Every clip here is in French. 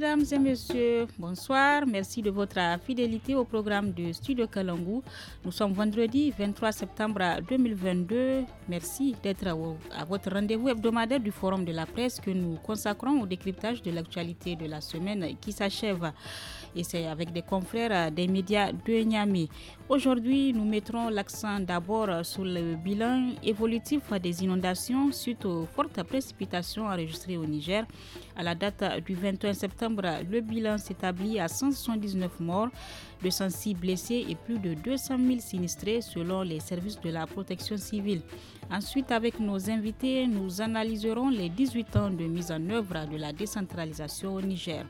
Mesdames et messieurs, bonsoir. Merci de votre fidélité au programme de Studio Kalangu. Nous sommes vendredi 23 septembre 2022. Merci d'être à votre rendez-vous hebdomadaire du Forum de la presse que nous consacrons au décryptage de l'actualité de la semaine qui s'achève et c'est avec des confrères euh, des médias de Niamey. Aujourd'hui, nous mettrons l'accent d'abord sur le bilan évolutif des inondations suite aux fortes précipitations enregistrées au Niger. À la date du 21 septembre, le bilan s'établit à 179 morts, 206 blessés et plus de 200 000 sinistrés selon les services de la protection civile. Ensuite, avec nos invités, nous analyserons les 18 ans de mise en œuvre de la décentralisation au Niger.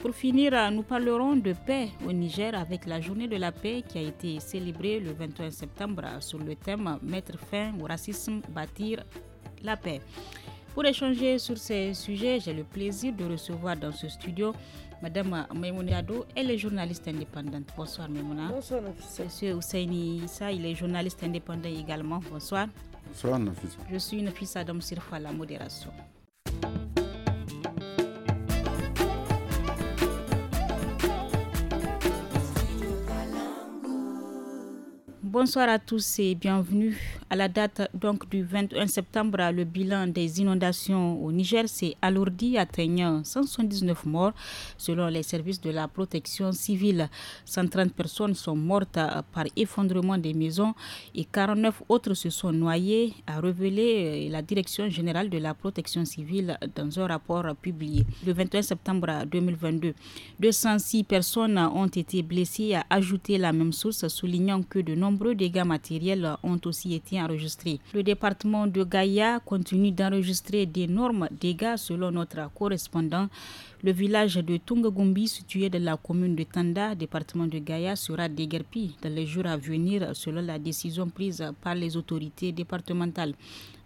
Pour finir, nous parlerons de paix au Niger avec la journée de la paix qui a été célébrée le 21 septembre sur le thème Mettre fin au racisme, bâtir la paix. Pour échanger sur ces sujets, j'ai le plaisir de recevoir dans ce studio Madame Maimouniado, elle est journaliste indépendante. Bonsoir Maimouna. Bonsoir Nafisa. Monsieur Ousseini Issa, il est journaliste indépendant également. Bonsoir. Bonsoir Nafisa. Je suis Nafisa Adam Sirfa, la modération. Bonsoir à tous et bienvenue à la date donc du 21 septembre, le bilan des inondations au Niger s'est alourdi, atteignant 179 morts selon les services de la protection civile. 130 personnes sont mortes euh, par effondrement des maisons et 49 autres se sont noyées, a révélé euh, la Direction générale de la protection civile dans un rapport publié le 21 septembre 2022. 206 personnes ont été blessées, a ajouté la même source, soulignant que de nombreux dégâts matériels ont aussi été enregistré. Le département de Gaïa continue d'enregistrer d'énormes dégâts selon notre correspondant. Le village de Tungagumbi, situé dans la commune de Tanda, département de Gaïa, sera déguerpi dans les jours à venir selon la décision prise par les autorités départementales.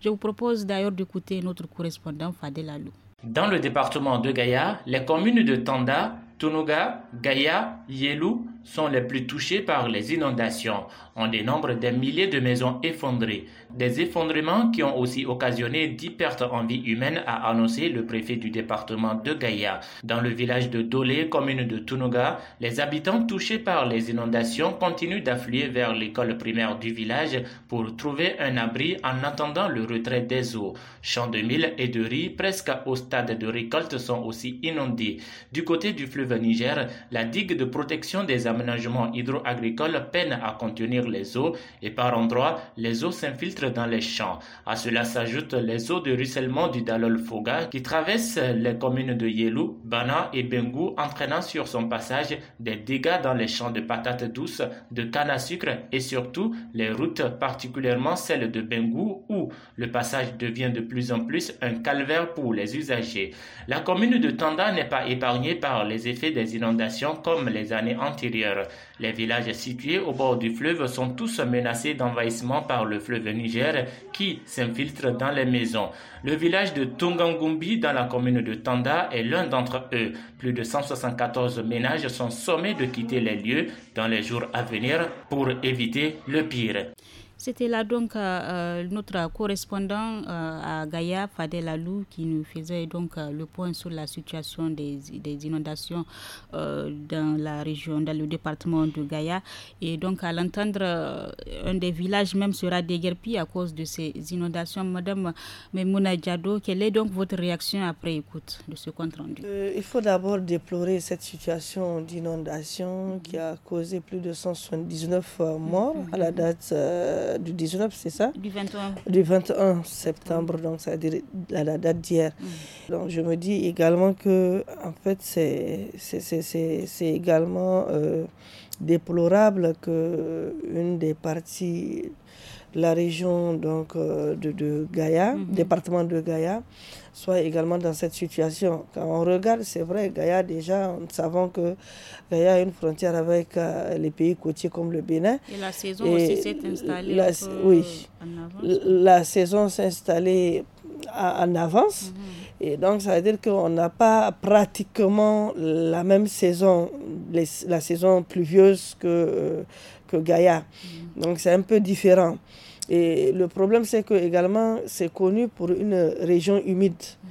Je vous propose d'ailleurs d'écouter notre correspondant Fadel Alou. Dans le département de Gaïa, les communes de Tanda, Tonoga Gaïa, Yelou, sont les plus touchés par les inondations. On dénombre des milliers de maisons effondrées. Des effondrements qui ont aussi occasionné 10 pertes en vie humaine, a annoncé le préfet du département de Gaïa. Dans le village de Dolé, commune de Tunoga, les habitants touchés par les inondations continuent d'affluer vers l'école primaire du village pour trouver un abri en attendant le retrait des eaux. Champs de mille et de riz presque au stade de récolte sont aussi inondés. Du côté du fleuve Niger, la digue de protection des aménagements hydro-agricoles peinent à contenir les eaux et par endroits, les eaux s'infiltrent dans les champs. À cela s'ajoutent les eaux de ruissellement du Dalol Foga qui traversent les communes de Yelou, Bana et Bengou, entraînant sur son passage des dégâts dans les champs de patates douces, de canne à sucre et surtout les routes, particulièrement celles de Bengou où le passage devient de plus en plus un calvaire pour les usagers. La commune de Tanda n'est pas épargnée par les effets des inondations comme les années antérieures les villages situés au bord du fleuve sont tous menacés d'envahissement par le fleuve Niger qui s'infiltre dans les maisons. Le village de Tungangumbi dans la commune de Tanda est l'un d'entre eux. Plus de 174 ménages sont sommés de quitter les lieux dans les jours à venir pour éviter le pire. C'était là donc euh, euh, notre correspondant euh, à Gaïa, Fadel Alou, qui nous faisait donc le point sur la situation des, inondations dans la région, dans le département de Gaïa. Et donc à l'entendre, un des villages même sera déguerpi à cause de ces inondations. Madame Memouna Diado, quelle est donc votre réaction après écoute de ce compte-rendu Il faut d'abord déplorer cette situation d'inondation qui a causé plus de 179 morts à la mhm. date euh, du 19, c'est ça Du 21. Du septembre, donc c'est-à-dire la, date d'hier. Donc je me dis également que, en fait, c'est également euh, déplorable qu'une des parties la région donc, euh, de, Gaïa, mhm. département de Gaïa, soit également dans cette situation. Quand on regarde, c'est vrai, Gaïa, déjà, nous savons que Gaïa a une frontière avec euh, les pays côtiers comme le Bénin. Et la saison aussi s'est installée oui, en avance. La saison s'est installée en avance. Mhm. Et donc, ça veut dire qu'on n'a pas pratiquement la même saison, la saison pluvieuse que euh, Gaïa. Mm. Donc c'est un peu différent. Et le problème, c'est que également, c'est connu pour une région humide. Mm.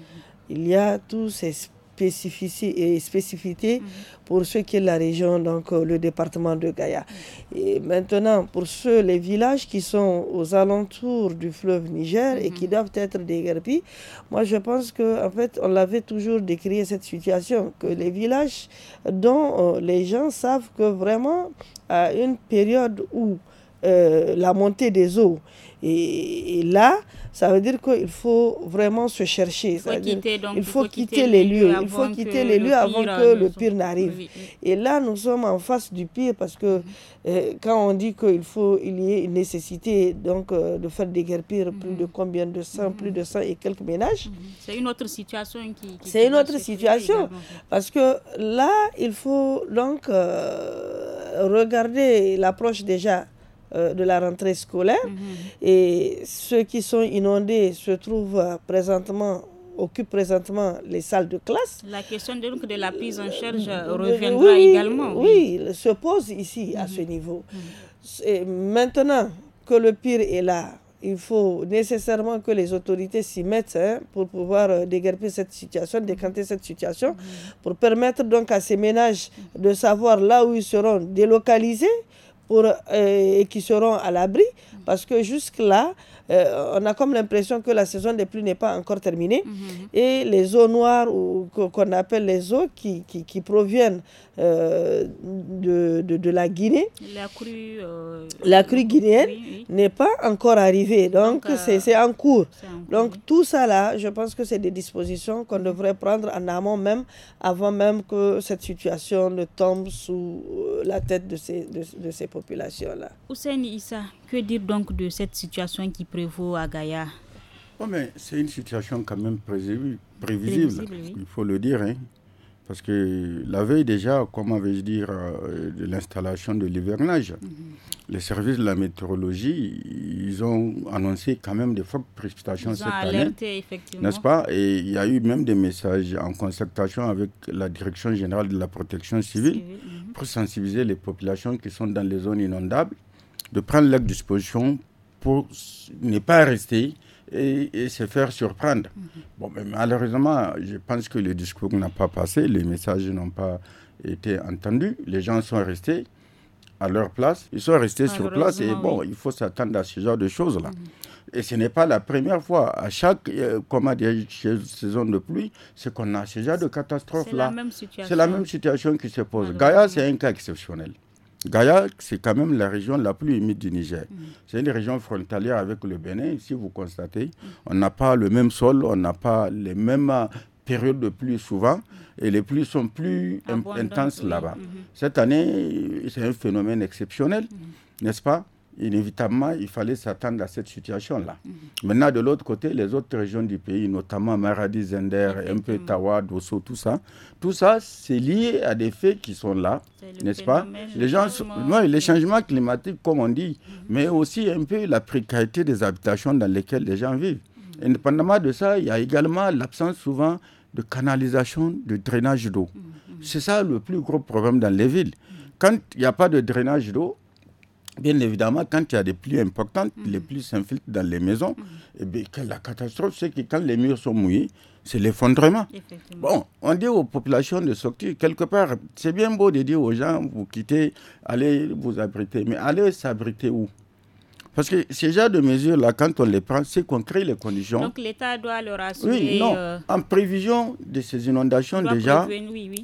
Il y a tous ces spécificité, et spécificité mhm. pour ce qui est la région, donc euh, le département de Gaïa. Et maintenant, pour ceux, les villages qui sont aux alentours du fleuve Niger et qui mhm. doivent être déguerpis, moi je pense que en fait, on l'avait toujours décrit cette situation, que les villages dont euh, les gens savent que vraiment, à une période où euh, la montée des eaux. Et, là, ça veut dire qu'il faut vraiment se chercher. Il faut, quitter, il faut, quitter, les lieux. Il faut quitter les lieux avant que le pire n'arrive. Et là, nous sommes en face du pire parce que mhm. euh, quand on dit qu'il faut, il y a une nécessité donc euh, de faire déguerpir mhm. plus de combien de 100, plus de sang et quelques ménages. Mhm. C'est une autre situation qui. C'est une autre situation parce que là, il faut donc regarder l'approche déjà euh, de la rentrée scolaire. Mhm. Et ceux qui sont inondés se trouvent présentement occupent présentement les salles de classe. La question de la prise en charge euh, reviendra également. Oui. se pose ici à mhm. ce niveau. Mhm. maintenant que le pire est là, il faut nécessairement que les autorités s'y mettent hein, pour pouvoir euh, déguerper cette situation, décanter cette situation, pour permettre donc à ces ménages de savoir là où ils seront délocalisés pour, euh, et qui seront à l'abri, parce que jusque-là, euh, on a comme l'impression que la saison des pluies n'est pas encore terminée. Mhm. Et les eaux noires, ou qu'on appelle les eaux qui, qui, proviennent euh, de, de, la Guinée, la crue, euh, guinéenne n'est pas encore arrivée. Donc, c'est en, en cours. Donc, tout ça là, je pense que c'est des dispositions qu'on mhm. devrait prendre en amont même, avant même que cette situation ne tombe sous la tête de ces, de, ces populations-là. Hussein Issa, que dire donc de cette situation qui prévaut à Gaïa oh C'est une situation quand même prévisible, il faut le dire. Hein. Parce que la veille déjà, comment vais-je dire, euh, de l'installation de l'hivernage, mhm. les services de la météorologie, ils ont annoncé quand même des fortes précipitations N'est-ce pas Et il y a eu même des messages en concertation avec la Direction générale de la protection civile, mhm. pour sensibiliser les populations qui sont dans les zones inondables de prendre la disposition pour ne pas rester et, se faire surprendre. Mhm. Bon, malheureusement, je pense que le discours n'a pas passé, les messages n'ont pas été entendus, les gens sont restés à leur place, ils sont restés sur place et bon, il faut s'attendre à ce genre de choses-là. Mhm. Et ce n'est pas la première fois. À chaque euh, comment saison de pluie, c'est qu'on a ce genre de catastrophe-là. C'est la, la, même situation qui se pose. Gaïa, c'est un cas exceptionnel. Gaïa, c'est quand même la région la plus humide du Niger. Mm. C'est une région frontalière avec le Bénin. Si vous constatez, on n'a pas le même sol, on n'a pas les mêmes périodes de pluie souvent et les pluies sont plus intenses là-bas. Mm-hmm. Cette année, c'est un phénomène exceptionnel, mm. n'est-ce pas inévitablement, il fallait s'attendre à cette situation-là. Maintenant, de l'autre côté, les autres régions du pays, notamment Maradi, Zender, un peu Tawa, Dosso, tout ça, tout ça, c'est lié à des faits qui sont là, n'est-ce pas Les gens, les changements climatiques, comme on dit, mais aussi un peu la précarité des habitations dans lesquelles les gens vivent. Mm. Indépendamment de ça, il y a également l'absence souvent de canalisation, de drainage d'eau. Mm. Mm. C'est ça le plus gros problème dans les villes. Quand il n'y a pas de drainage d'eau, Bien évidemment, quand il y a des pluies importantes, mm. les pluies s'infiltrent dans les maisons. Mm. Et eh bien, la catastrophe, c'est que quand les murs sont mouillés, c'est l'effondrement. Bon, on dit aux populations de sortir quelque part. C'est bien beau de dire aux gens, vous quittez, allez vous abriter. Mais allez s'abriter où parce que ces genres de mesures-là, quand on les prend, c'est qu'on crée les conditions. Donc l'État doit leur assurer. Oui, non. Euh, en prévision de ces inondations, déjà,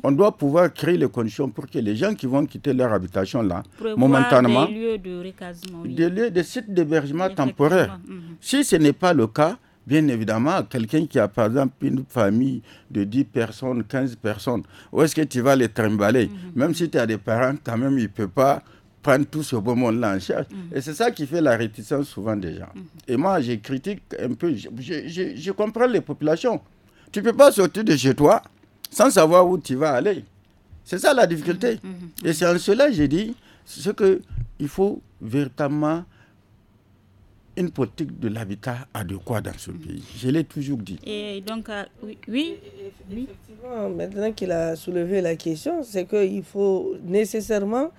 on doit pouvoir créer les conditions pour que les gens qui vont quitter leur habitation, là, momentanément. Des lieux de recasement. Des sites d'hébergement temporaire. Mhm. Si ce n'est pas le cas, Bien évidemment, quelqu'un qui a par exemple une famille de 10 personnes, 15 personnes, où est-ce que tu vas les trimballer mhm. Même si tu as des parents, quand même, il ne peut pas prendre tout ce beau monde-là en charge. Mm-hmm. Et c'est ça qui fait la réticence souvent des gens. Mm-hmm. Et moi, je critique un peu, je, comprends les populations. Tu ne peux pas sortir de chez toi sans savoir où tu vas aller. C'est ça la difficulté. Mm-hmm. Et c'est en cela, j'ai dit, ce qu'il faut véritablement une politique de l'habitat adéquat dans ce pays. Je l'ai toujours dit. Et donc, euh, oui, oui, Effectivement, maintenant qu'il a soulevé la question, c'est qu'il faut nécessairement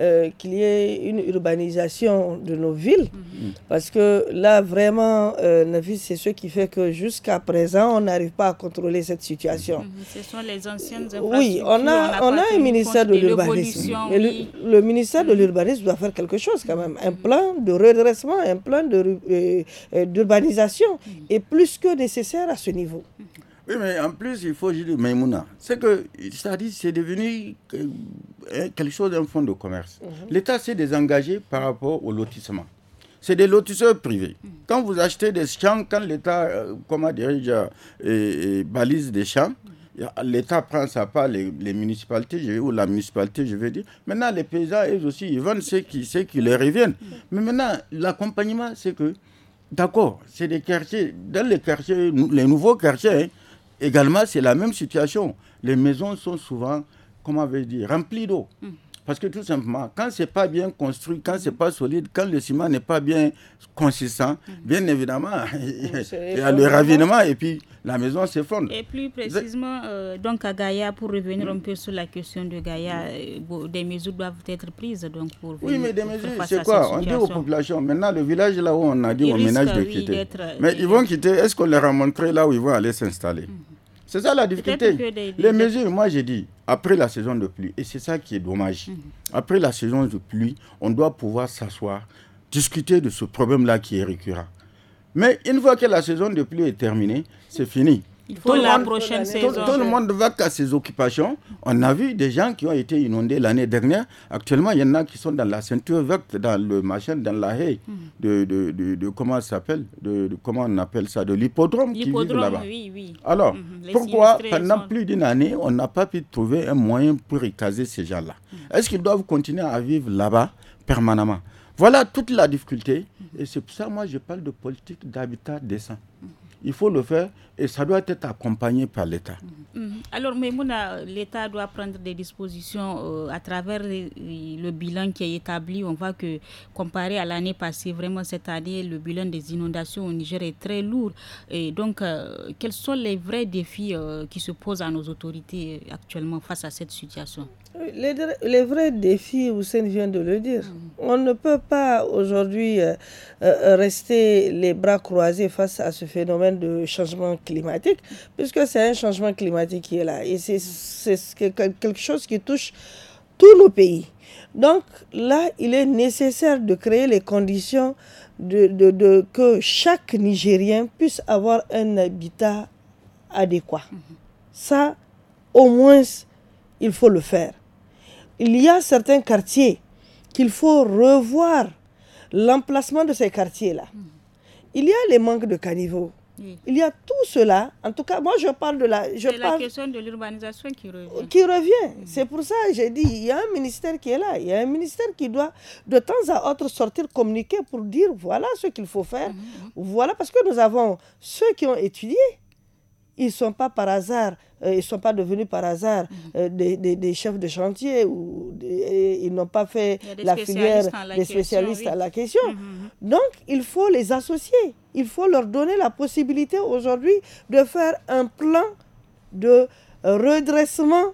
euh, qu'il y ait une urbanisation de nos villes. Mm-hmm. Parce que là, vraiment, euh, c'est ce qui fait que jusqu'à présent, on n'arrive pas à contrôler cette situation. Mm-hmm. Mm-hmm. Ce sont les anciennes Oui, on a, on a, un ministère de l'urbanisme. Le, ministère de l'urbanisme doit faire quelque chose quand même. Un plan de redressement, un plan euh, euh, d'urbanisation est plus que nécessaire à ce niveau. Oui, mais en plus, il faut dis, Maïmouna. C'est que, c'est-à-dire, c'est devenu hein, quelque chose d'un fonds de commerce. Mhm. L'État s'est désengagé par rapport au lotissement. C'est des lotisseurs privés. Mhm. Quand vous achetez des champs, quand l'État, euh, comment dirais-je, euh, euh, balise des champs, mhm. l'État prend sa part, les, municipalités, ou la municipalité, je veux dire. Maintenant, les paysans, eux aussi, ils vendent ce qui, ceux qui leur reviennent. Mais maintenant, l'accompagnement, c'est que, d'accord, c'est des quartiers, dans les quartiers, les nouveaux quartiers, hein, Également, c'est la même situation. Les maisons sont souvent, comment dire, remplies d'eau. Hmm. Parce que tout simplement, quand c'est pas bien construit, quand c'est pas solide, quand le ciment n'est pas bien consistant, mhm. bien évidemment, il y a le ravinement et puis la maison s'effondre. Et plus précisément, euh, donc à Gaïa, pour revenir un peu sur la question de Gaïa, mhm. euh, des mesures doivent être prises. Donc pour oui, mais des mesures, c'est quoi On dit aux populations, maintenant le village là où on a dit aux de quitter. Euh, mais ils vont quitter, est-ce qu'on leur a montré là où ils vont aller s'installer mhm. C'est ça la difficulté. Les mesures, moi j'ai dit, après la saison de pluie, et c'est ça qui est dommage, mhm. après la saison de pluie, on doit pouvoir s'asseoir, discuter de ce problème-là qui est récurrent. Mais une fois que la saison de pluie est terminée, c'est fini. Il faut tout prochaine Tout, le monde va à ses occupations. On a vu des gens qui ont été inondés l'année dernière. Actuellement, il y en a qui sont dans la ceinture verte, dans le machin, dans la haie hmm. de, de, de, comment s'appelle de, comment on appelle ça de l'hippodrome qui là-bas. Oui, Alors, hmm, pourquoi pendant plus d'une année, on n'a pas pu trouver un moyen pour écraser ces gens-là hmm. Est-ce qu'ils doivent continuer à vivre là-bas permanemment Voilà toute la difficulté. Et c'est pour ça, moi, je parle de politique d'habitat décent. Il faut le faire et ça doit être accompagné par l'État. Mhm. Alors, Mémouna, l'État doit prendre des dispositions euh, à travers le, bilan qui est établi. On voit que, comparé à l'année passée, vraiment cette année, le bilan des inondations au Niger est très lourd. Et donc, euh, quels sont les vrais défis euh, qui se posent à nos autorités actuellement face à cette situation les, vrais défis, Hussein vient de le dire, mhm. on ne peut pas aujourd'hui rester les bras croisés face à ce phénomène de changement climatique, puisque c'est un changement climatique qui est là. Et c'est quelque chose qui touche tous nos pays. Donc là, il est nécessaire de créer les conditions de, de, de que chaque Nigérien puisse avoir un habitat adéquat. Ça, au moins, il faut le faire. Il y a certains quartiers qu'il faut revoir l'emplacement de ces quartiers-là. Il y a les manques de caniveaux il y a tout cela. En tout cas, moi, je parle de la. C'est la question de l'urbanisation qui revient. Qui revient. C'est pour ça que j'ai dit il y a un ministère qui est là. Il y a un ministère qui doit de temps à autre sortir communiquer pour dire voilà ce qu'il faut faire. Mhm, mhm. Voilà, parce que nous avons ceux qui ont étudié. Ils ne sont pas par hasard, euh, ils ne sont pas devenus par hasard mhm. euh, des, chefs de chantier ou ils n'ont pas fait la filière des spécialistes à la question. Donc, il faut les associer il faut leur donner la possibilité aujourd'hui de faire un plan de euh, redressement,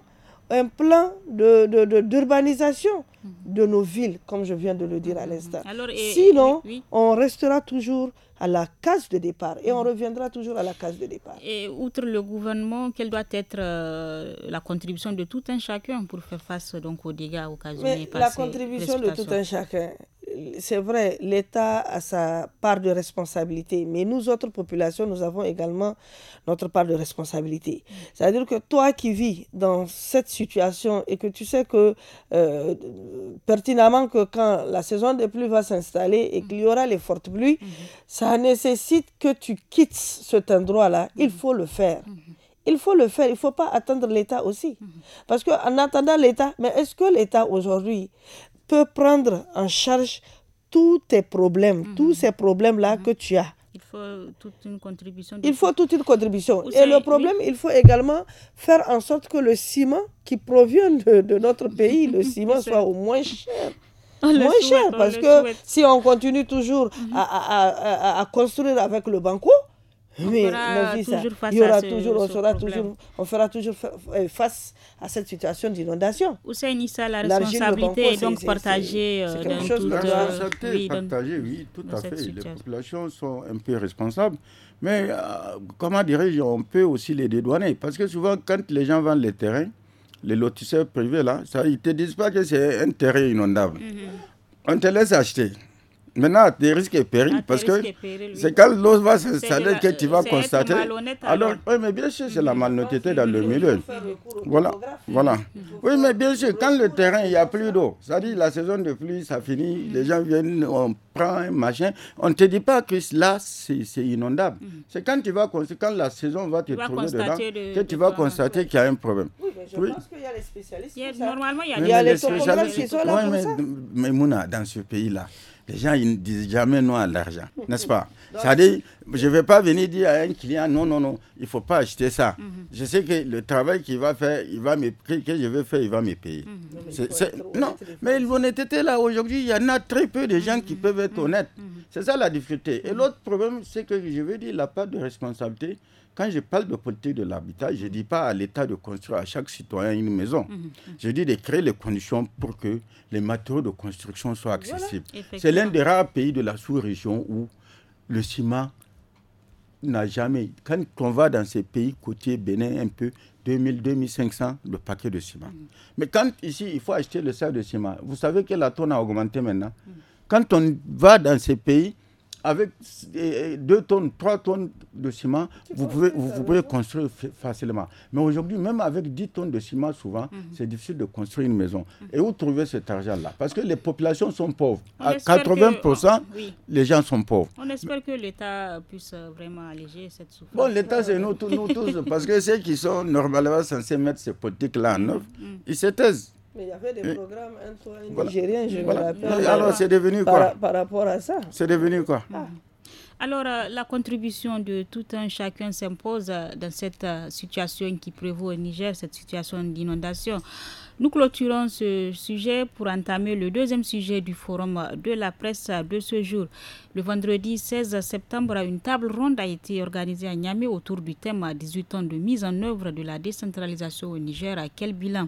un plan d'urbanisation de, de, nos villes, comme je viens de le dire à mhm. l'instant. Sinon, on restera toujours à la case de départ et on reviendra toujours à la case de départ. Et outre le gouvernement, quelle doit être euh, la contribution de tout un chacun pour faire face donc aux dégâts occasionnés par La contribution de tout un chacun, c'est vrai, l'État a sa part de responsabilité, mais nous autres populations, nous avons également notre part de responsabilité. C'est-à-dire que toi qui vis dans cette situation et que tu sais que euh, pertinemment que quand la saison des pluies va s'installer et qu'il y aura les fortes pluies, ça nécessite que tu quittes cet endroit-là. Il faut le faire. Il faut le faire, il ne faut pas attendre l'État aussi. Parce qu'en attendant l'État, mais est-ce que l'État aujourd'hui prendre en charge tous tes problèmes, mhm. tous ces problèmes-là mhm. que tu as. Il faut toute une contribution. Il faut toute une contribution. Et le problème, il faut également faire en sorte que le ciment qui provient de, notre pays, le ciment, soit au moins cher. moins cher, parce que si on continue toujours mhm. à, à, à, construire avec le banco, mais il y aura toujours, on, sera toujours, on fera toujours face à cette situation d'inondation. Nissa, la responsabilité est, donc partagée. C'est euh, quelque euh, la partagée, oui, tout à fait. Les populations sont un peu responsables. Mais euh, comment dirais-je, on peut aussi les dédouaner. Parce que souvent, quand les gens vendent les terrains, les lotisseurs privés, là, ça, ils ne te disent pas que c'est un terrain inondable. Mhm. On te laisse acheter. Maintenant, des risques et périls, ah, parce que c'est quand l'eau va s'installer que tu vas constater. Alors, oui, mais bien sûr, c'est la mm-hmm. malhonnêteté dans le milieu. Voilà, voilà. Mm-hmm. Oui, mais bien sûr, quand le terrain, il n'y a plus d'eau, c'est-à-dire la saison de pluie, ça finit, mm-hmm. les gens viennent, on prend un machin, on ne te dit pas que là, c'est inondable. C'est quand tu vas quand la saison va te trouver dedans, que tu vas constater qu'il y a un problème. Oui, mais je pense qu'il y a les spécialistes. Normalement, il y a les spécialistes. Oui, mais Mouna, dans ce pays-là, les gens ils ne disent jamais non à l'argent, n'est-ce pas C'est-à-dire, je ne vais pas venir dire à un client non, non, non, il ne faut pas acheter ça. Mhm. Je sais que le travail qu'il va faire, il va me, que je vais faire, il va me payer. Mhm. Non, mais non, mais l'honnêteté là, aujourd'hui, il y en a très peu de gens qui mhm. peuvent être honnêtes. C'est ça la difficulté. Et l'autre problème, c'est que je veux dire, il n'a pas de responsabilité quand je parle de politique de l'habitat, je ne dis pas à l'État de construire à chaque citoyen une maison. Mhm, mhm. Je dis de créer les conditions pour que les matériaux de construction soient accessibles. C'est l'un des rares pays de la sous-région où le ciment n'a jamais. Quand on va dans ces pays côtiers, Bénin un peu, 2000, 2500 le paquet de ciment. Mhm. Mais quand ici, il faut acheter le sac de ciment, vous savez que la tonne a augmenté maintenant. Quand on va dans ces pays, avec 2 tonnes, 3 tonnes de ciment, vous pouvez, vous, pouvez construire facilement. Mais aujourd'hui, même avec 10 tonnes de ciment, souvent, mhm. c'est difficile de construire une maison. Mhm. Et où trouver cet argent-là Parce que les populations sont pauvres. à 80%, ah, les gens sont pauvres. On espère que l'État puisse euh, vraiment alléger cette souffrance. Bon, l'État, c'est nous, tous, nous tous. parce que ceux qui sont normalement censés mettre ces politiques-là en mhm. œuvre, ils se mais il y avait des programmes, un je me rappelle. Alors, c'est devenu quoi Par rapport à ça. C'est devenu quoi ah. Alors, euh, la contribution de tout un chacun s'impose euh, dans cette euh, situation qui prévaut au Niger, cette situation d'inondation. Nous clôturons ce sujet pour entamer le deuxième sujet du forum de la presse de ce jour. Le vendredi 16 septembre, une table ronde a été organisée à Niamey autour du thème 18 ans de mise en œuvre de la décentralisation au Niger. Quel bilan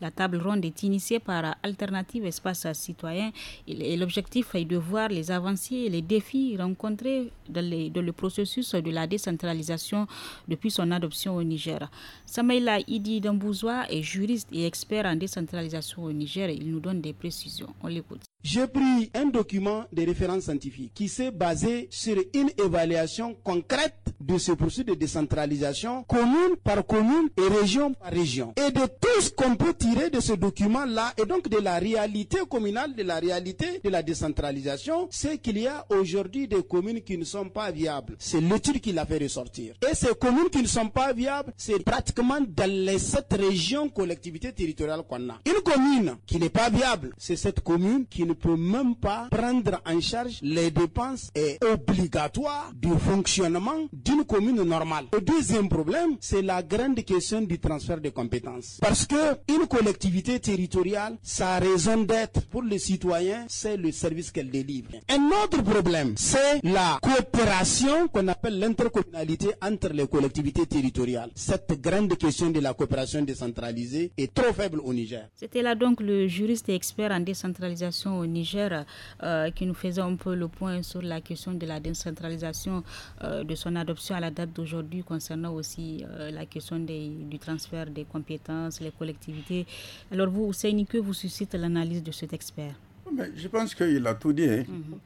la table ronde est initiée par Alternative Espace Citoyen et l'objectif est de voir les avancées et les défis rencontrés dans, le processus de la décentralisation depuis son adoption au Niger. Samaïla Idi Dambouzoa est juriste et expert en décentralisation au Niger. Il nous donne des précisions. On l'écoute. J'ai pris un document de référence scientifique qui s'est basé sur une évaluation concrète de ce processus de décentralisation commune par commune et région par région. Et de tout ce qu'on peut tirer de ce document-là et donc de la réalité communale, de la réalité de la décentralisation, c'est qu'il y a aujourd'hui des communes qui ne sont pas viables. C'est l'étude qui l'a fait ressortir. Et ces communes qui ne sont pas viables, c'est pratiquement dans les sept régions collectivités territoriales qu'on a. Une commune qui n'est pas viable, c'est cette commune qui ne peut même pas prendre en charge les dépenses et obligatoires du fonctionnement d'une commune normale. Le deuxième problème, c'est la grande question du transfert de compétences. Parce que une collectivité territoriale, sa raison d'être pour les citoyens, c'est le service qu'elle délivre. Un autre problème, c'est la coopération qu'on appelle l'intercommunalité entre les collectivités territoriales. Cette grande question de la coopération décentralisée est trop faible au Niger. C'était là donc le juriste expert en décentralisation au Niger, euh, qui nous faisait un peu le point sur la question de la décentralisation euh, de son adoption à la date d'aujourd'hui, concernant aussi euh, la question du transfert des compétences, les collectivités. Alors, vous, Ousseini, que vous suscite l'analyse de cet expert oh, ben, Je pense qu'il a tout dit. Hein. Mhm.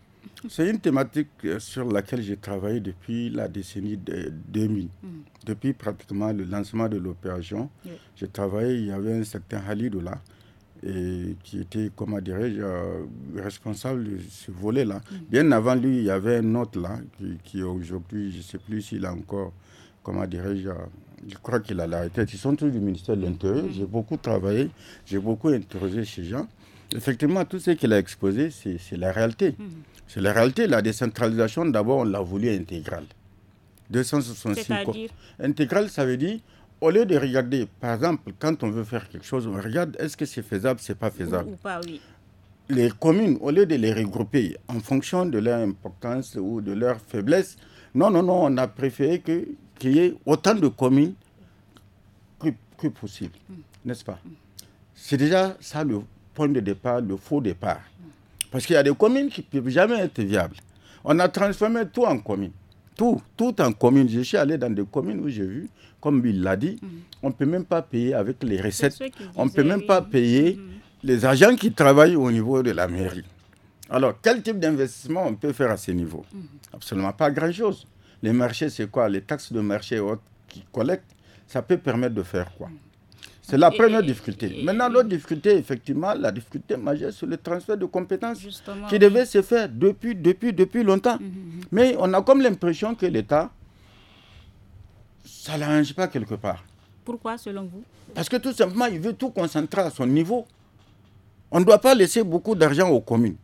C'est une thématique sur laquelle j'ai travaillé depuis la décennie 2000, mhm. depuis pratiquement le lancement de l'opération. J'ai travaillé, il y avait un certain Halidoula et qui était, comment dirais-je, euh, responsable de ce volet-là. Mm-hmm. Bien avant lui, il y avait un autre là, qui, aujourd'hui, je ne sais plus s'il a encore, comment dirais-je, euh, je crois qu'il a la Ils sont tous du ministère de l'Intérieur. Mm-hmm. J'ai beaucoup travaillé, j'ai beaucoup interrogé ces gens. Effectivement, tout ce qu'il a exposé, c'est la réalité. Mm-hmm. C'est la réalité. La décentralisation, d'abord, on l'a voulu intégrale. 266 Intégrale, ça veut dire au lieu de regarder, par exemple, quand on veut faire quelque chose, on regarde est-ce que c'est faisable, c'est pas faisable. Les communes, au lieu de les regrouper en fonction de leur importance ou de leur faiblesse, non, non, non, on a préféré qu'il y ait autant de communes que, possible, mm. n'est-ce pas C'est déjà ça le point de départ, le faux départ. Parce qu'il y a des communes qui ne peuvent jamais être viables. On a transformé tout en commune. Tout, tout en commune. Je suis allé dans des communes où j'ai vu comme il l'a dit, on ne peut même pas payer avec les recettes, on ne peut même pas payer mm-hmm. les agents qui travaillent au niveau de la mairie. Alors, quel type d'investissement on peut faire à ce niveau mm-hmm. Absolument pas grand-chose. Les marchés, c'est quoi Les taxes de marché qui collectent, ça peut permettre de faire quoi mm-hmm. c'est la première difficulté. Maintenant, l'autre difficulté, effectivement, la difficulté majeure, c'est le transfert de compétences qui devait se faire depuis, depuis, depuis longtemps. Mais on a comme l'impression que l'État ça ne l'arrange pas quelque part. Pourquoi, selon vous Parce que tout simplement, il veut tout concentrer à son niveau. On ne doit pas laisser beaucoup d'argent aux communes,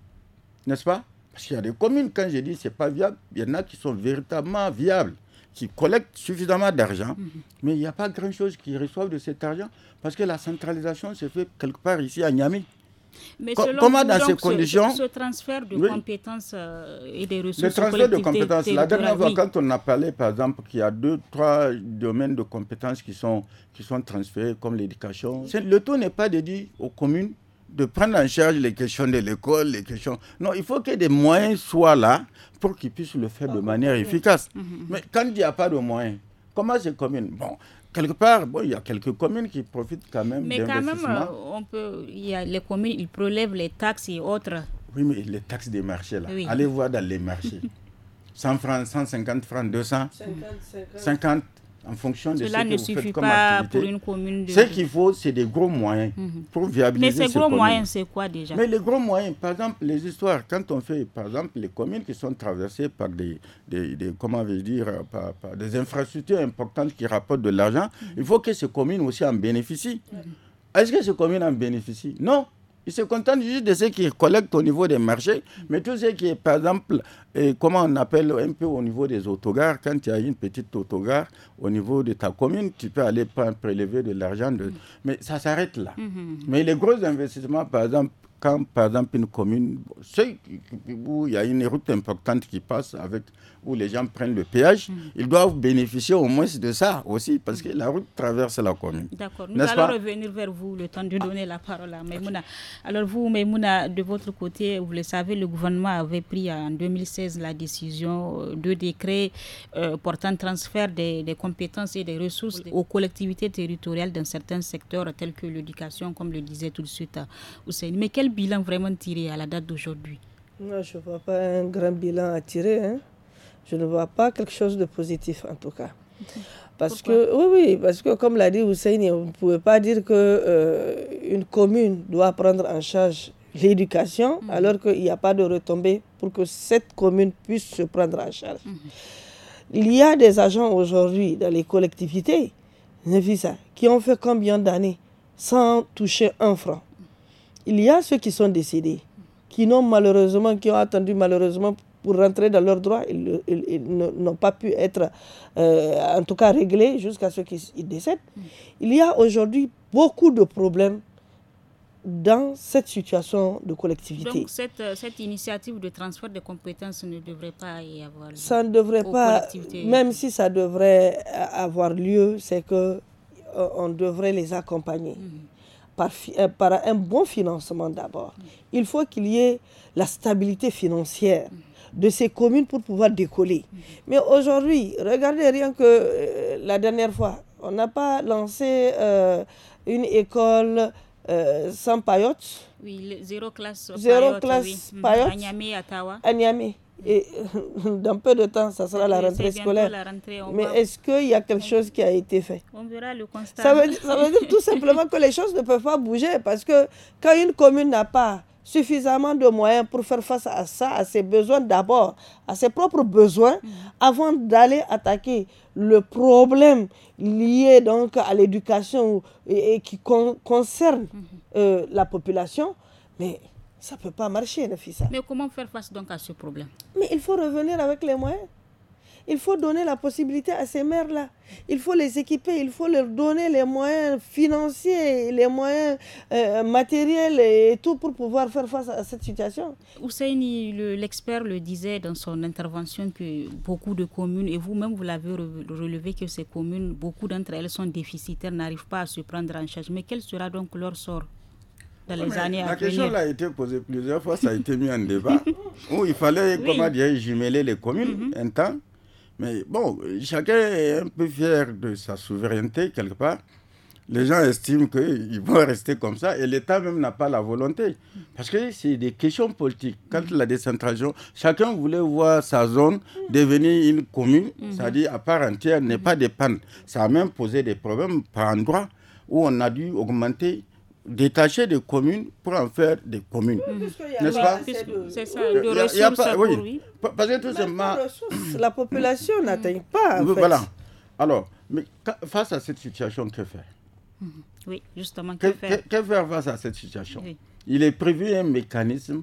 n'est-ce pas Parce qu'il y a des communes, quand je dis c'est pas viable, il y en a qui sont véritablement viables, qui collectent suffisamment d'argent, mhm. mais il n'y a pas grand-chose qui reçoivent de cet argent parce que la centralisation se fait quelque part ici à Niamey. Mais Co comment dans ces conditions... Ce, transfert de compétences euh, et des ressources... Le transfert de compétences, la dernière fois, quand on a parlé, par exemple, qu'il y a deux, trois domaines de compétences qui sont, qui sont transférés, comme l'éducation, le tout n'est pas de dire aux communes de prendre en charge les questions de l'école, les questions... Non, il faut que des moyens soient là pour qu'ils puissent le faire de manière efficace. Mhm. Mais quand il n'y a pas de moyens, comment ces communes... Bon, quelque part, bon, il y a quelques communes qui profitent quand même Mais quand même, euh, on peut, les communes, ils prélèvent les taxes et autres. Oui, mais les taxes des marchés, là. Allez voir dans les marchés. 100 francs, 150 francs, 200. 50, 50. 50 en fonction de Cela ce que ne suffit comme pas pour une commune. De... Ce qu'il faut, c'est des gros moyens pour mhm. viabiliser pour viabiliser. Mais ces gros moyens, c'est quoi déjà Mais les gros moyens, par exemple, les histoires, quand on fait, par exemple, les communes qui sont traversées par des, des, comment dire, par, des infrastructures importantes qui rapportent de l'argent, mhm. il faut que ces communes aussi en bénéficient. Mhm. Est-ce que ces communes en bénéficient Non. Ils se contentent juste de ce qui collectent au niveau des marchés, mais tout ce qui est, par exemple, comment on appelle un peu au niveau des autogares, quand tu as une petite autogare au niveau de ta commune, tu peux aller prélever de l'argent, mm. mais ça s'arrête là. Mm-hmm. Mais les gros investissements, par exemple, quand, par exemple, une commune, où il y a une route importante qui passe, avec, où les gens prennent le péage, mm. ils doivent bénéficier au moins de ça aussi, parce que la route traverse la commune. D'accord. Nous allons revenir vers vous, le temps de donner la parole à Maimouna. Alors vous, Maimouna, de votre côté, vous le savez, le gouvernement avait pris en 2016 la décision euh, de décret euh, portant transfert des, compétences et des ressources aux collectivités territoriales dans certains secteurs tels que l'éducation, comme le disait tout de suite Hussein. Euh, Mais quel bilan vraiment tiré à la date d'aujourd'hui Non, Je ne vois pas un grand bilan à tirer. Hein. Je ne vois pas quelque chose de positif en tout cas. Parce que, oui, oui, parce que comme l'a dit Hussein, on ne pouvait pas dire qu'une euh, une commune doit prendre en charge l'éducation mm-hmm. alors qu'il n'y a pas de retombée pour que cette commune puisse se prendre en charge. Mm-hmm. Il y a des agents aujourd'hui dans les collectivités, ça, qui ont fait combien d'années sans toucher un franc il y a ceux qui sont décédés, qui n'ont malheureusement, qui ont attendu malheureusement pour rentrer dans leurs droits, ils, n'ont pas pu être, euh, en tout cas, réglés jusqu'à ce qu'ils décèdent. Mm. Il y a aujourd'hui beaucoup de problèmes dans cette situation de collectivité. Donc cette, euh, initiative de transfert de compétences ne devrait pas y avoir lieu. Ça ne devrait pas, même si ça devrait euh, avoir lieu, c'est qu'on on devrait les accompagner. Mm. Euh, par, un bon financement d'abord. Mm. Il faut qu'il y ait la stabilité financière de ces communes pour pouvoir décoller. Mm. Mais aujourd'hui, regardez rien que euh, la dernière fois, on n'a pas lancé euh, une école sans payotte. Oui, zéro classe. Zéro payotte, classe mm. À Niamey, et dans peu de temps, ça sera la rentrée scolaire. Mais est-ce qu'il y a quelque chose qui a été fait On verra le constat. Ça veut, dire, tout simplement que les choses ne peuvent pas bouger parce que quand une commune n'a pas suffisamment de moyens pour faire face à ça, à ses besoins d'abord, à ses propres besoins, mm. avant d'aller attaquer le problème lié donc à l'éducation et, qui concerne mm-hmm. euh, la population. Mais ça ne peut pas marcher, fils. Mais comment faire face donc à ce problème Mais il faut revenir avec les moyens. Il faut donner la possibilité à ces mères-là. Il faut les équiper, il faut leur donner les moyens financiers, les moyens euh, matériels et tout pour pouvoir faire face à cette situation. Ousseini, l'expert le, disait dans son intervention que beaucoup de communes, et vous-même vous l'avez relevé, que ces communes, beaucoup d'entre elles sont déficitaires, n'arrivent pas à se prendre en charge. Mais quel sera donc leur sort années la question a été posée plusieurs fois, ça a été mis en débat, où il fallait, comment dire, jumeler les communes mm-hmm. un temps. Mais bon, chacun est un peu fier de sa souveraineté quelque part. Les gens estiment qu'ils vont rester comme ça et l'État même n'a pas la volonté. Parce que c'est des questions politiques. Quand mm-hmm. la décentralisation, chacun voulait voir sa zone mm. devenir une commune, mm-hmm. c'est-à-dire à part entière, n'est pas dépendre. Ça a même posé des problèmes par endroit où on a dû augmenter détacher des communes pour en faire des communes. N'est-ce pas C'est ça, de ressources Parce que tout bah, La population n'atteint pas, en fait. Voilà. Alors, mais face à cette situation, que faire Oui, justement, que, faire que, faire face à cette situation Il est prévu un mécanisme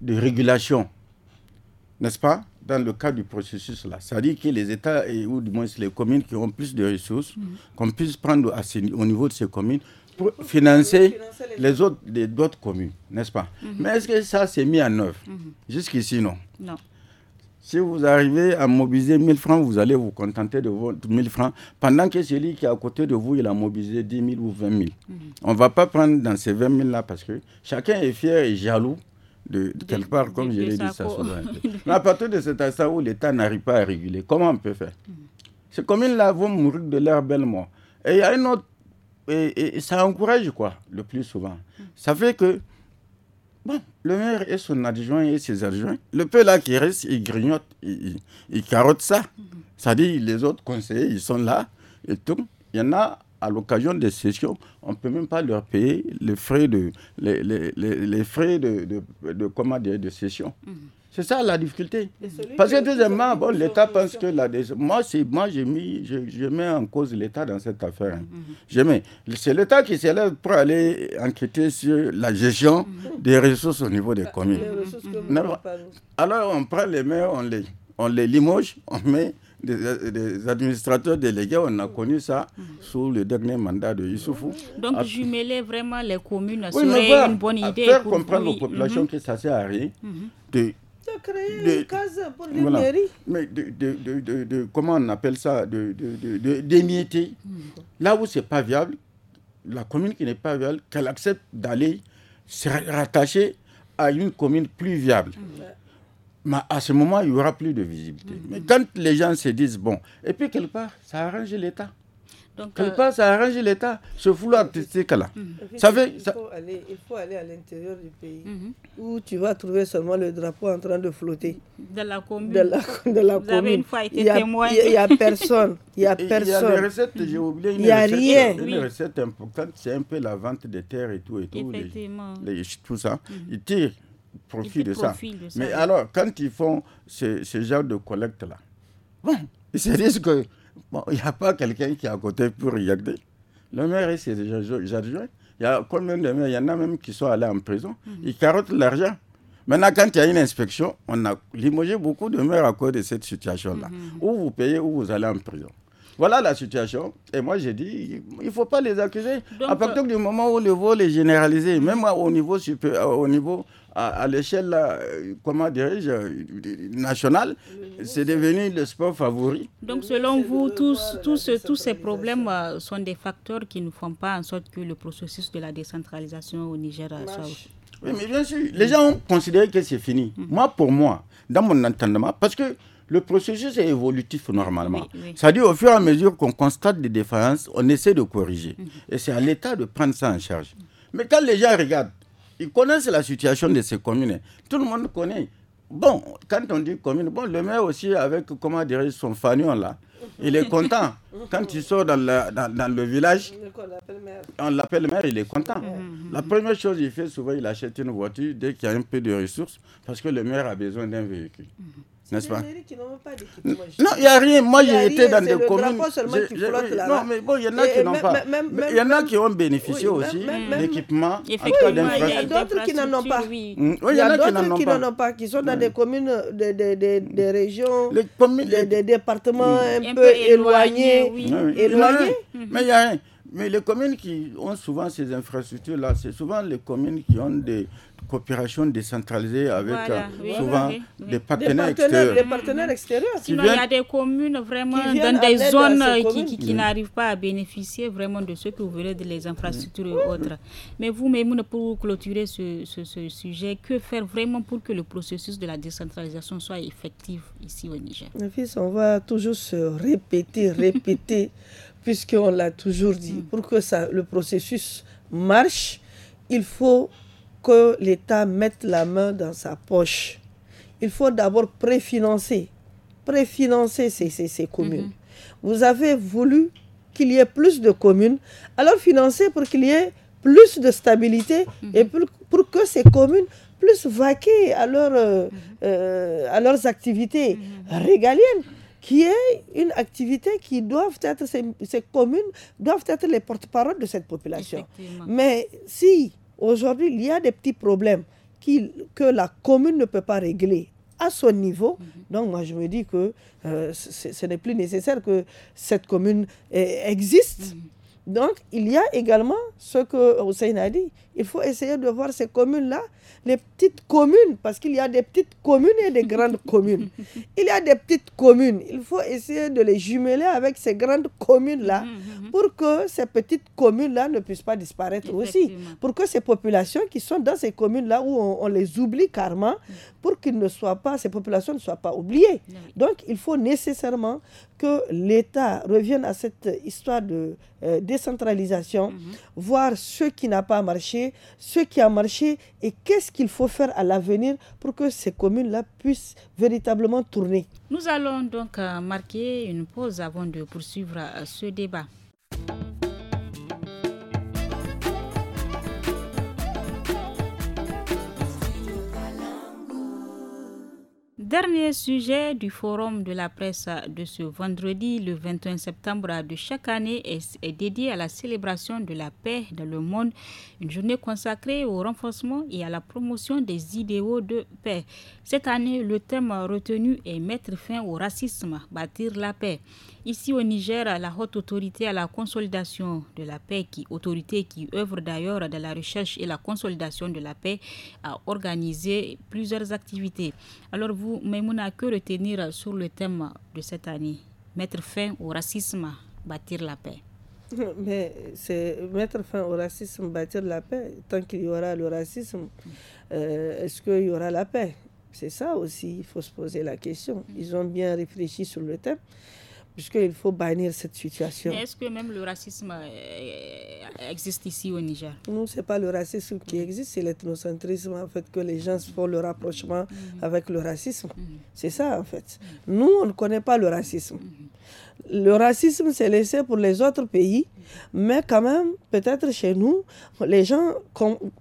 de régulation, n'est-ce pas dans le cadre du processus-là. cest C'est-à-dire que les États, ou du moins les communes qui ont plus de ressources, mhm. qu'on puisse prendre au niveau de ces communes, financer les autres d'autres communes, n'est-ce pas mhm. Mais est-ce que ça s'est mis en œuvre mhm. Jusqu'ici, non. Non. Si vous arrivez à mobiliser 1000 francs, vous allez vous contenter de vos 1000 francs, pendant que celui qui est à côté de vous, il a mobilisé 10 000 ou 20 000. Mhm. On ne va pas prendre dans ces 20 000-là parce que chacun est fier et jaloux de, quelque part, comme je l'ai dit, sa souveraineté. à partir de cet instant où l'État n'arrive pas à réguler, comment on peut faire Ces communes-là vont mourir de leur belle Et il y a une autre et, ça encourage quoi, le plus souvent. Ça fait que bon, le maire et son adjoint et ses adjoints, le peu là qui reste, il grignote, il, il, carotte ça. Ça dit, les autres conseillers, ils sont là et tout. Il y en a à l'occasion des sessions, on ne peut même pas leur payer les frais de, les, frais de, de, comment dire, de session. Mhm. C'est ça la difficulté. Parce que deuxièmement, bon, l'État pense que la moi, moi j'ai mis, je, mets en cause l'État dans cette affaire. Hein. Mhm. c'est l'État qui s'élève pour aller enquêter sur la gestion mhm. des ressources au niveau des communes. Alors on prend les maires, on les, on les limoge, on met des, administrateurs délégués, on a mhm. connu ça sous le dernier mandat de Youssoufou. Donc jumeler vraiment les communes oui, une bonne idée. faire comprendre aux populations que ça sert à rien de as créé une case pour les mairies. Mais de, comment on appelle ça D'émietter. Là où ce n'est pas viable, la commune qui n'est pas viable, qu'elle accepte d'aller se rattacher à une commune plus viable. Ah, Mais à ce moment, il n'y aura plus de visibilité. Mm, Mais mm. quand les gens se disent, bon, et puis quelque part, ça arrange l'État. Donc, elle euh, à l'État, ce flou artistique-là. Mhm. il, faut aller, il, faut aller, à l'intérieur du pays mhm. où tu vas trouver seulement le drapeau en train de flotter. De la commune. De la, Vous avez une fois été il a, témoin. Il n'y a, personne. Il n'y a personne. Il y a des recettes, j'ai oublié. Une il n'y a recette, rien. Une recette importante, c'est un peu la vente de terres et tout. Et tout Effectivement. tout ça. Mhm. Ils tirent profit, de, ça. Mais alors, quand ils font ce, ce genre de collecte-là, bon, ils se disent que il n'y a pas quelqu'un qui est à côté pour regarder. Le maire et déjà il y a combien de Il y en a même qui sont allés en prison. Mhm. Ils carottent l'argent. Maintenant, quand il y a une inspection, on a limogé beaucoup de maires à cause de cette situation-là. Mhm. Où vous payez ou vous allez en prison. Voilà la situation. Et moi, j'ai dit, il ne faut pas les accuser. à partir euh, du moment où le vol est généralisé, même au niveau, super, euh, au niveau à, l'échelle, euh, comment dirais-je, euh, nationale, c'est devenu le sport favori. Donc, selon vous, tous, tous, tous ces problèmes euh, sont des facteurs qui ne font pas en sorte que le processus de la décentralisation au Niger soit. Oui, mais bien sûr, les gens ont considéré que c'est fini. Mhm. Moi, pour moi, dans mon entendement, parce que le processus est évolutif normalement. C'est-à-dire, au fur et à mesure qu'on constate des défaillances, on essaie de corriger. Mhm. Et c'est à l'État de prendre ça en charge. Mais quand les gens regardent, ils connaissent la situation de ces communes. Tout le monde connaît. Bon, quand on dit commune, bon, le maire aussi, avec, comment dire son fanion là, il est content. Quand il sort dans, le village, on l'appelle maire, il est content. La première chose qu'il fait, souvent, il achète une voiture dès qu'il y a un peu de ressources, parce que le maire a besoin d'un véhicule. Mhm. N'est-ce pas Non, il n'y a rien. Moi, j'ai été dans des communes. non, mais bon, il y en a qui n'ont pas. Il y en a qui ont bénéficié aussi d'équipements. Il y a d'autres qui n'en ont pas. il y en a qui n'en ont pas. Qui, sont dans des communes, des, régions, des, départements mm. un, peu, éloignés. éloignés. Mm-hmm. Mais il y a rien. Mais les communes qui ont souvent ces infrastructures-là, c'est souvent les communes qui ont des, coopération décentralisée avec euh, souvent Des, partenaires extérieurs. il y a des communes vraiment dans des zones qui, qui, n'arrivent pas à bénéficier vraiment de ce que vous voulez, des infrastructures et autres. Mais vous, Mémoune, pour clôturer ce, ce, sujet, que faire vraiment pour que le processus de la décentralisation soit effectif ici au Niger fils, on va toujours se répéter, répéter, puisqu'on l'a toujours dit. Mm. Pour que ça, le processus marche, il faut que l'État mette la main dans sa poche, il faut d'abord préfinancer. Préfinancer ces, ces, communes. Mm-hmm. Vous avez voulu qu'il y ait plus de communes, alors financer pour qu'il y ait plus de stabilité et mm-hmm. pour, que ces communes puissent vaquer à, leur, euh, mm-hmm. euh, à leurs activités régaliennes qui est une activité qui doivent être, ces, ces communes doivent être les porte-parole de cette population. Mais si Aujourd'hui, il y a des petits problèmes que la commune ne peut pas régler à son niveau. Mhm. Donc moi, je me dis que euh, ce n'est plus nécessaire que cette commune eh, existe. Mhm. Donc, il y a également ce que Hussein a dit. Il faut essayer de voir ces communes-là, les petites communes, parce qu'il y a des petites communes et des grandes communes. Il y a des petites communes. Il faut essayer de les jumeler avec ces grandes communes-là mhm, mhm, mhm. pour que ces petites communes-là ne puissent pas disparaître aussi. Pour que ces populations qui sont dans ces communes-là où on, les oublie carrément, pour qu'ils ne soient pas, ces populations ne soient pas oubliées. Donc, il faut nécessairement que l'État revienne à cette histoire de euh, décentralisation, mhm. voir ce qui n'a pas marché, ce qui a marché et qu'est-ce qu'il faut faire à l'avenir pour que ces communes-là puissent véritablement tourner. Nous allons donc euh, marquer une pause avant de poursuivre euh, ce débat. Dernier sujet du forum de la presse de ce vendredi, le 21 septembre de chaque année, est, dédié à la célébration de la paix dans le monde, une journée consacrée au renforcement et à la promotion des idéaux de paix. Cette année, le thème retenu est Mettre fin au racisme, bâtir la paix. Ici au Niger, la haute autorité à la consolidation de la paix, qui autorité qui œuvre d'ailleurs dans la recherche et la consolidation de la paix, a organisé plusieurs activités. Alors vous, Maimouna, que retenir sur le thème de cette année Mettre fin au racisme, bâtir la paix. Mais c'est mettre fin au racisme, bâtir la paix. Tant qu'il y aura le racisme, euh, est-ce qu'il y aura la paix C'est ça aussi, il faut se poser la question. Ils ont bien réfléchi sur le thème puisqu'il faut bannir cette situation. Est-ce que même le racisme euh, euh, existe ici au Niger Non, ce n'est pas le racisme qui mm. existe, c'est l'ethnocentrisme, en fait, que les gens font le rapprochement mm. avec le racisme. Mm. C'est ça, en fait. Nous, on ne connaît pas le racisme le racisme s'est laissé pour les autres pays, mais quand même, peut-être chez nous, les gens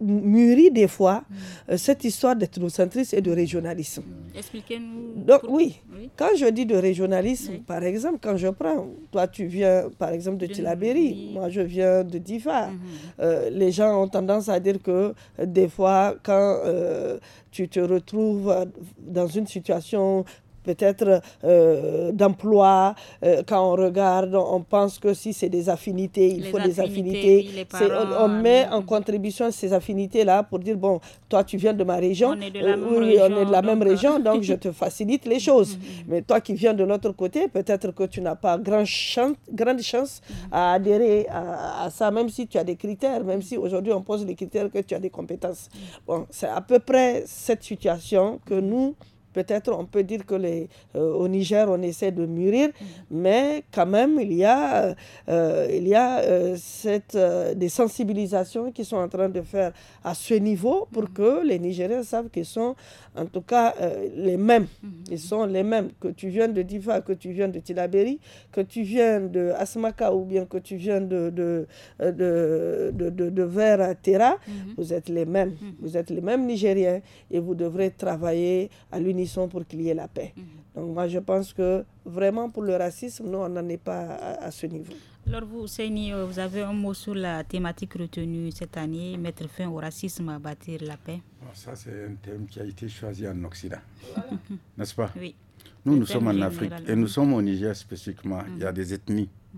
mûrissent des fois mm. euh, cette histoire d'ethnocentrisme et de régionalisme. Mm. Expliquez-nous. Donc, oui. quand je dis de régionalisme, par exemple, quand je prends, toi tu viens par exemple de, Tilabéry, moi je viens de Diva, mm-hmm. euh, les gens ont tendance à dire que euh, des fois, quand tu te retrouves dans une situation peut-être euh, d'emploi. Euh, quand on regarde, on pense que si c'est des affinités, il faut des affinités. on, met en contribution ces affinités-là pour dire, bon, toi tu viens de ma région, on est de la, euh, même, région, on est de la donc... même région, donc je te facilite les choses. Mm-hmm. Mais toi qui viens de l'autre côté, peut-être que tu n'as pas grand chance, grande chance à mm-hmm. adhérer à, à, ça, même si tu as des critères, même si aujourd'hui on pose les critères que tu as des compétences. Mm-hmm. Bon, c'est à peu près cette situation que nous, Peut-être on peut dire que les, euh, au Niger, on essaie de mûrir, mm. mais quand même, il y a, euh, il y a euh, cette, des sensibilisations qui sont en train de faire à ce niveau pour mm. que les Nigériens savent qu'ils sont, en tout cas, les mêmes. Mm. Ils sont les mêmes. Que tu viennes de Diva, que tu viennes de Tilaberi, que tu viennes de Asmaka ou bien que tu viennes de, de, de, de, de, Terra, mm-hmm. vous êtes les mêmes. Mm-hmm. Vous êtes les mêmes Nigériens et vous devrez travailler à l'université sont pour qu'il y ait la paix. Mhm. Donc moi, je pense que vraiment pour le racisme, nous, on n'en est pas à, ce niveau. Alors vous, Seigneur, vous avez un mot sur la thématique retenue cette année, mettre fin au racisme, à bâtir la paix. Ah, ça, c'est un thème qui a été choisi en Occident, n'est-ce pas Oui. Nous, nous sommes en Afrique et nous sommes au Niger spécifiquement. Il y a mm. des ethnies mm.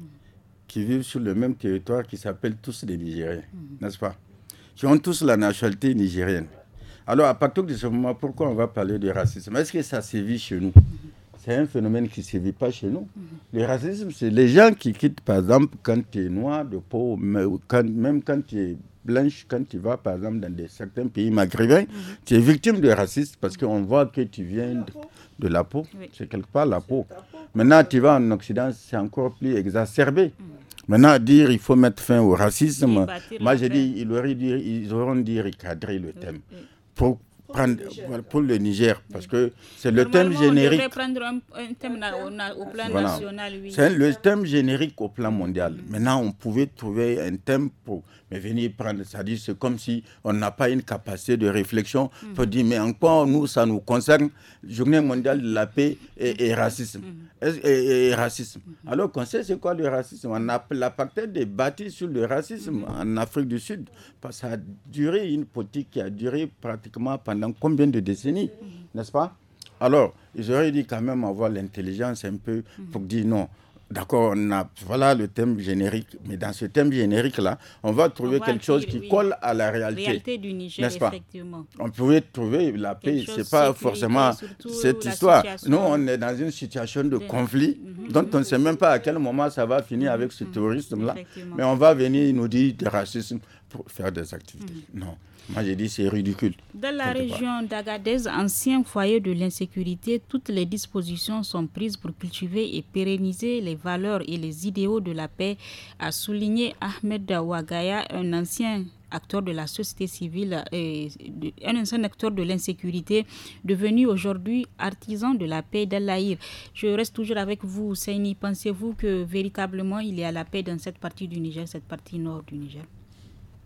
qui vivent sur le même territoire qui s'appellent tous des Nigériens, mm. n'est-ce pas Qui ont tous la nationalité nigérienne. Alors, à partir de ce moment, pourquoi on va parler de racisme Est-ce que ça sévit chez nous C'est un phénomène qui ne sévit pas chez nous. Le racisme, c'est les gens qui quittent, par exemple, quand tu es noir de peau, même quand tu es blanche, quand tu vas, par exemple, dans des, certains pays maghrébins, mhm. tu es victime de racisme parce qu'on voit que tu viens de, la peau. C'est quelque part la peau. Maintenant, tu vas en Occident, c'est encore plus exacerbé. Mhm. Maintenant, dire il faut mettre fin au racisme, moi je dit ils, auront dit recadrer le thème pour, prendre, pour le Niger, parce que c'est le thème générique. On prendre un, thème au plan national, oui. C'est le thème générique au plan mondial. Maintenant, on pouvait trouver un thème pour mais venir prendre, cest à c'est comme si on n'a pas une capacité de réflexion mm. pour dire, mais en quoi nous, ça nous concerne, Journée mondiale de la paix et, racisme. et, racisme. Mm. Mm-hmm. Alors qu'on sait c'est quoi le racisme. On a, l'apartheid est bâti sur le racisme mm-hmm. en Afrique du Sud. Parce que ça a duré une politique qui a duré pratiquement pendant combien de décennies, mm-hmm. n'est-ce pas Alors, j'aurais dit quand même avoir l'intelligence un peu pour dire non D'accord, on a voilà le thème générique, mais dans ce thème générique là, on va trouver quelque chose qui colle à la réalité, réalité du Niger, n'est-ce pas effectivement. On pouvait trouver la paix, c'est pas forcément cette histoire. Nous, on est dans une situation de, conflit mhm. dont on ne sait même pas à quel moment ça va finir avec ce mhm. terrorisme là, mais on va venir nous dire des racismes pour faire des activités. Mhm. Non. Moi, j'ai dit c'est ridicule. Dans la région d'Agadez, ancien foyer de l'insécurité, toutes les dispositions sont prises pour cultiver et pérenniser les valeurs et les idéaux de la paix, a souligné Ahmed Dawagaya un ancien acteur de la société civile, et un ancien acteur de l'insécurité, devenu aujourd'hui artisan de la paix d'Alaïr. Je reste toujours avec vous, Saini. Pensez-vous que véritablement il y a la paix dans cette partie du Niger, cette partie nord du Niger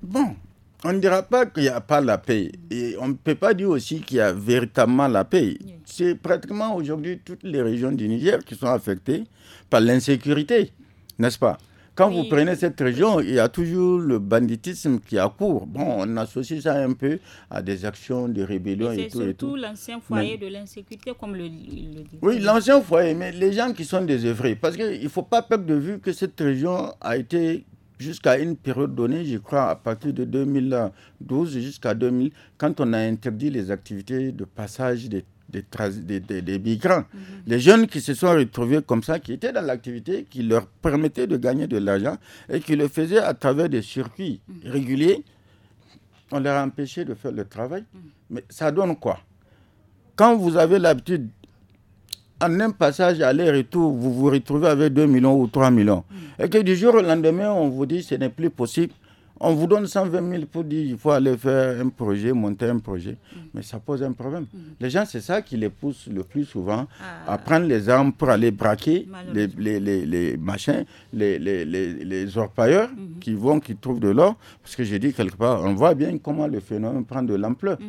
Bon, on ne dira pas qu'il n'y a pas la paix. Et on ne peut pas dire aussi qu'il y a véritablement la paix. C'est pratiquement aujourd'hui toutes les régions du Niger qui sont affectées par l'insécurité, n'est-ce pas Quand vous prenez cette région, il y a toujours le banditisme qui accourt. Bon, on associe ça un peu à des actions de rébellion et, et tout. C'est surtout l'ancien foyer de l'insécurité, comme le, le dit. Oui, l'ancien foyer, mais les gens qui sont désœuvrés. Parce qu'il ne faut pas perdre de vue que cette région a été jusqu'à une période donnée, je crois à partir de 2012 jusqu'à 2000, quand on a interdit les activités de passage des des, des, migrants. Mhm. Les jeunes qui se sont retrouvés comme ça, qui étaient dans l'activité, qui leur permettaient de gagner de l'argent et qui le faisaient à travers des circuits mhm. réguliers, on leur a empêché de faire le travail. Mhm. Mais ça donne quoi Quand vous avez l'habitude en un passage aller-retour, vous vous retrouvez avec 2 millions ou 3 millions. Et que du jour au lendemain, on vous dit que ce n'est plus possible. On vous donne 120 000 pour dire qu'il faut aller faire un projet, monter un projet. Mais ça pose un problème. Les gens, c'est ça qui les pousse le plus souvent à ah. prendre les armes pour aller braquer les, machins, les, orpailleurs mhm. qui vont, qui trouvent de l'or. Parce que j'ai dit quelque part, on voit bien comment le phénomène prend de l'ampleur. Mhm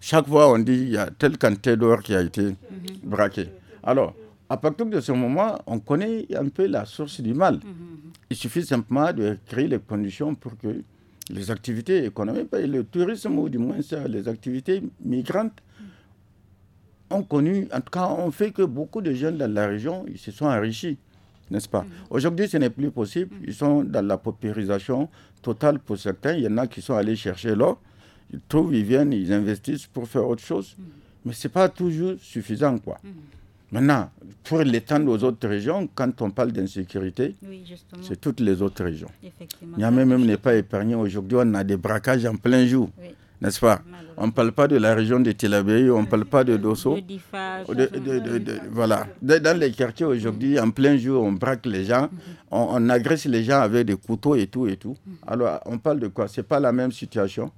chaque fois, on dit il y a tel quantité d'or qui a été mhm. braqué. Alors, à partir de ce moment, on connaît un peu la source du mal. Mhm, mhm, il suffit simplement de créer les conditions pour que les activités économiques, le tourisme ou du moins les activités migrantes, ont connu, en tout cas, ont fait que beaucoup de jeunes dans la région ils se sont enrichis, n'est-ce pas Aujourd'hui, ce n'est plus possible. Ils sont dans la paupérisation totale pour certains. Il y en a qui sont allés chercher l'or ils trouvent, ils viennent, ils investissent pour faire autre chose. Mm. Mais ce n'est pas toujours suffisant. quoi. Mm. Maintenant, pour l'étendre aux autres régions, quand on parle d'insécurité, c'est toutes les autres régions. Niamey même n'est pas épargné. Aujourd'hui, on a des braquages en plein jour. N'est-ce pas On ne parle pas de la région de Tilabéry, on ne parle pas de Dosso. voilà. Dans les quartiers aujourd'hui, mm. en plein jour, on braque les gens, mm-hmm. on, agresse les gens avec des couteaux et tout et tout. Mm-hmm. Alors, on parle de quoi Ce n'est pas la même situation.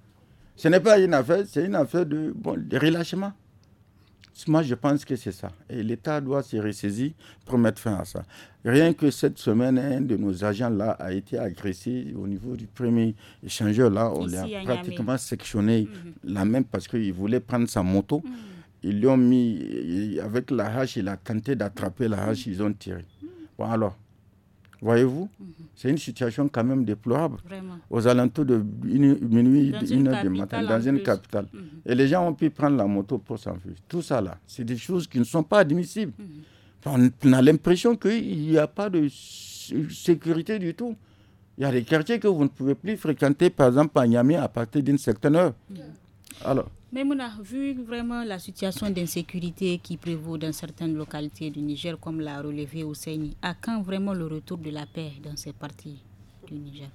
Ce n'est pas une affaire, c'est une affaire de, bon, de relâchement. Moi, je pense que c'est ça. Et l'État doit se ressaisir pour mettre fin à ça. Rien que cette semaine, un de nos agents-là a été agressé au niveau du premier échangeur-là. On l'a pratiquement sectionné mhm. la même parce qu'il voulait prendre sa moto. Mhm. Ils lui ont mis, avec la hache, il a tenté d'attraper la hache, ils ont tiré. Mhm. Bon, alors, Voyez-vous mhm. C'est une situation quand même déplorable. Aux alentours de minuit, une, heure du matin, dans une capitale. Mhm. Et les gens ont pu prendre la moto pour s'enfuir. Tout ça là, c'est des choses qui ne sont pas admissibles. Mhm. On a l'impression qu'il n'y a pas de sécurité du tout. Il y a des quartiers que vous ne pouvez plus fréquenter, par exemple, à Niamey, à partir d'une certaine heure. Alors, mais Mouna, vu vraiment la situation d'insécurité qui prévaut dans certaines localités du Niger, comme l'a relevé Ousseini, à quand vraiment le retour de la paix dans ces parties du Niger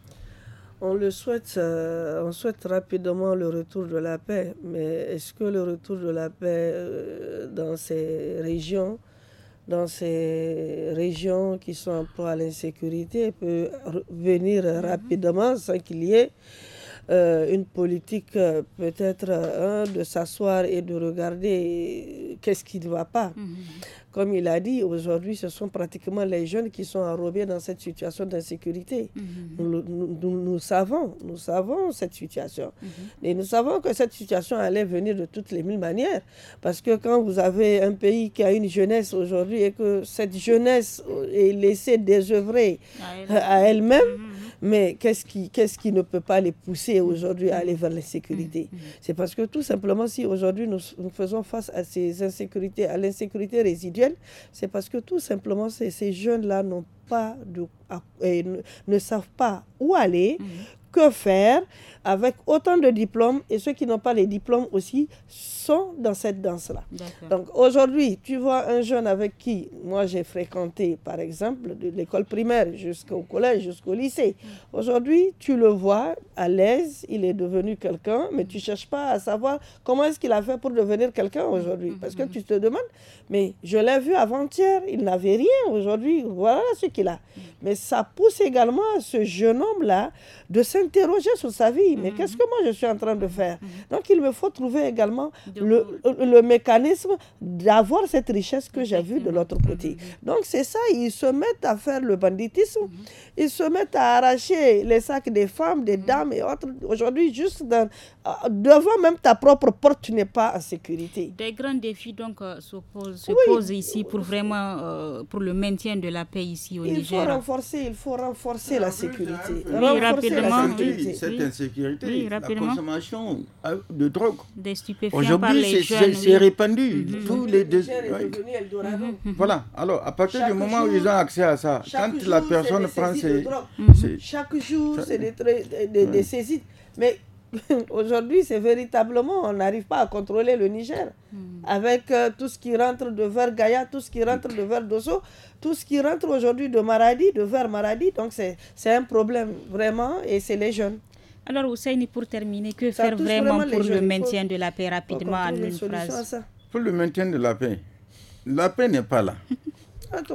on le souhaite, euh, on souhaite rapidement le retour de la paix, mais est-ce que le retour de la paix euh, dans ces régions, dans ces régions qui sont en proie à l'insécurité, peut venir mhm. rapidement sans qu'il y ait euh, une politique euh, peut-être euh, hein, de s'asseoir et de regarder qu'est-ce qui ne va pas. Mhm. Comme il a dit, aujourd'hui, ce sont pratiquement les jeunes qui sont enrobés dans cette situation d'insécurité. Mhm. nous, savons, nous savons cette situation. Mhm. Et nous savons que cette situation allait venir de toutes les mille manières. Parce que quand vous avez un pays qui a une jeunesse aujourd'hui et que cette jeunesse est laissée désœuvrer à elle-même, mais qu'est-ce qui, qu'est-ce qui ne peut pas les pousser mm. aujourd'hui à aller mm. vers l'insécurité mm. C'est parce que tout simplement, si aujourd'hui nous, faisons face à ces insécurités, à l'insécurité résiduelle, c'est parce que tout simplement ces, jeunes-là n'ont pas de, ne, savent pas où aller, que faire avec autant de diplômes et ceux qui n'ont pas les diplômes aussi sont dans cette danse-là. Donc aujourd'hui, tu vois un jeune avec qui moi j'ai fréquenté, par exemple, de l'école primaire jusqu'au collège, jusqu'au lycée. Mm. Aujourd'hui, tu le vois à l'aise, il est devenu quelqu'un, mais tu cherches pas à savoir comment est-ce qu'il a fait pour devenir quelqu'un aujourd'hui. Mm-hmm. Parce que tu te demandes, mais je l'ai vu avant-hier, il n'avait rien aujourd'hui, voilà ce qu'il a. Mm. Mais ça pousse également à ce jeune homme-là de cette interroger sur sa vie. Mais mm-hmm. qu'est-ce que moi je suis en train de faire mm-hmm. Donc il me faut trouver également le, euh, le, mécanisme d'avoir cette richesse que j'ai vue de l'autre côté. Mm-hmm. Donc c'est ça, ils se mettent à faire le banditisme. Ils se mettent à arracher les sacs des femmes, des dames et autres. Aujourd'hui, juste euh, devant même ta propre porte, tu n'es pas en sécurité. Des grands défis donc euh, se, posent, ici pour vraiment pour le maintien de la paix ici au Niger. Il faut renforcer, il faut renforcer la sécurité. rapidement cette insécurité, la consommation euh, de drogue. Des Aujourd'hui, c'est répandu. Mhm. Tous les deux. Mhm, mhm. Voilà. Alors, à partir du moment où ils ont accès à ça, quand la personne prend ses. Chaque jour, c'est des, des, des saisies. Mais Aujourd'hui, c'est véritablement, on n'arrive pas à contrôler le Niger. Hmm. Avec euh, tout ce qui rentre de vers Gaïa, tout ce qui rentre de vers Dosso, tout ce qui rentre aujourd'hui de Maradi, de Vermaradi. Maradi. Donc, c'est un problème vraiment et c'est les jeunes. Alors, Ousseini, pour terminer, que faire vraiment, pour le maintien de la paix rapidement en une Pour le maintien de la paix, la paix n'est pas là.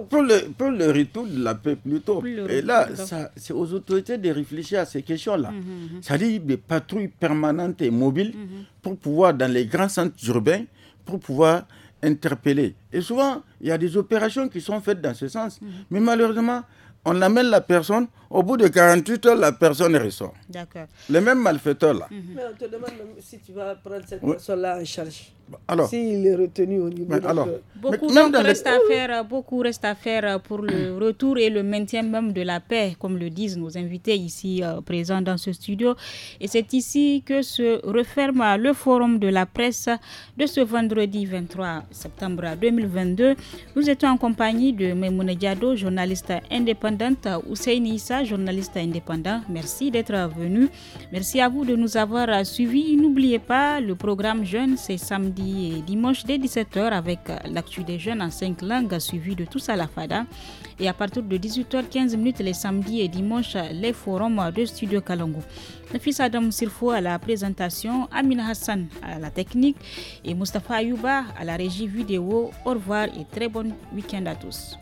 pour le, pour le retour de la paix plutôt. et là, c'est aux autorités de réfléchir à ces questions-là. Mhm, mhm, mhm. C'est-à-dire des patrouilles permanentes et mobiles pour pouvoir, dans les grands centres urbains, pour pouvoir interpeller. Et souvent, il y a des opérations qui sont faites dans ce sens. Mais malheureusement, on amène la personne, au bout de 48 heures, la personne ressort. D'accord. Le même malfaiteur là. Mais on te demande si tu vas prendre cette personne-là en charge alors, il est retenu au niveau alors, beaucoup, reste à faire, beaucoup reste à faire pour le retour et le maintien même de la paix, comme le disent nos invités ici euh, présents dans ce studio. Et c'est ici que se referme le forum de la presse de ce vendredi 23 septembre 2022. Nous étions en compagnie de Memoune Diado, journaliste indépendante, Hussein Issa, journaliste indépendant. Merci d'être venu. Merci à vous de nous avoir suivis. N'oubliez pas, le programme Jeune, c'est samedi et dimanche dès 17h avec euh, l'actu des jeunes en 5 langues suivi de tous à la FADA. Et à partir de 18h15 les samedis et dimanches, les forums de Studio Kalongo. fils Adam Sirfo à la présentation, Amin Hassan à la technique et Mustapha Ayouba à la régie vidéo. Au revoir et très bon week-end à tous.